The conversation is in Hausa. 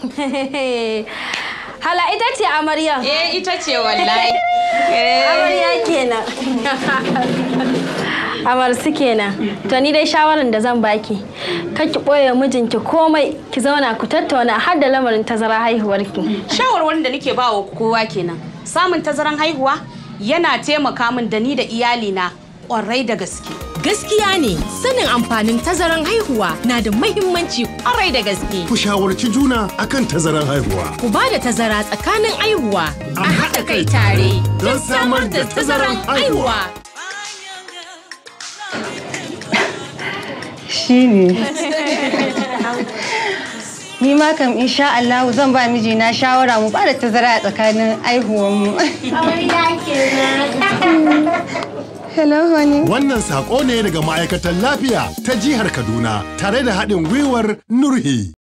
Hala ita ce amarya. Eh ita ce wallahi. Amarya eh. kenan. Amarsu kenan. To ni dai shawaran da zan baki. Kar ki ɓoye mijinki komai ki zauna ku tattauna har da lamarin tazara haihuwarki. Shawarwarin da nake ba wa kowa kenan. Samun tazaran haihuwa yana taimaka min da ni da iyalina kwarai da gaske. Gaskiya ne sanin amfanin tazaran haihuwa na da mahimmanci kwarai da gaske. Ku shawarci juna akan tazaran haihuwa. Ku ba da tazara tsakanin haihuwa. A haɗa kai tare don samar da tazaran haihuwa. Shi ne. ni ma kam insha Allah zan ba mijina shawara mu ba da tazara a tsakanin aihuwar mu. Aure kenan. hello honey. Wannan saƙo ne daga ma'aikatan lafiya ta jihar Kaduna tare da haɗin gwiwar Nurhi.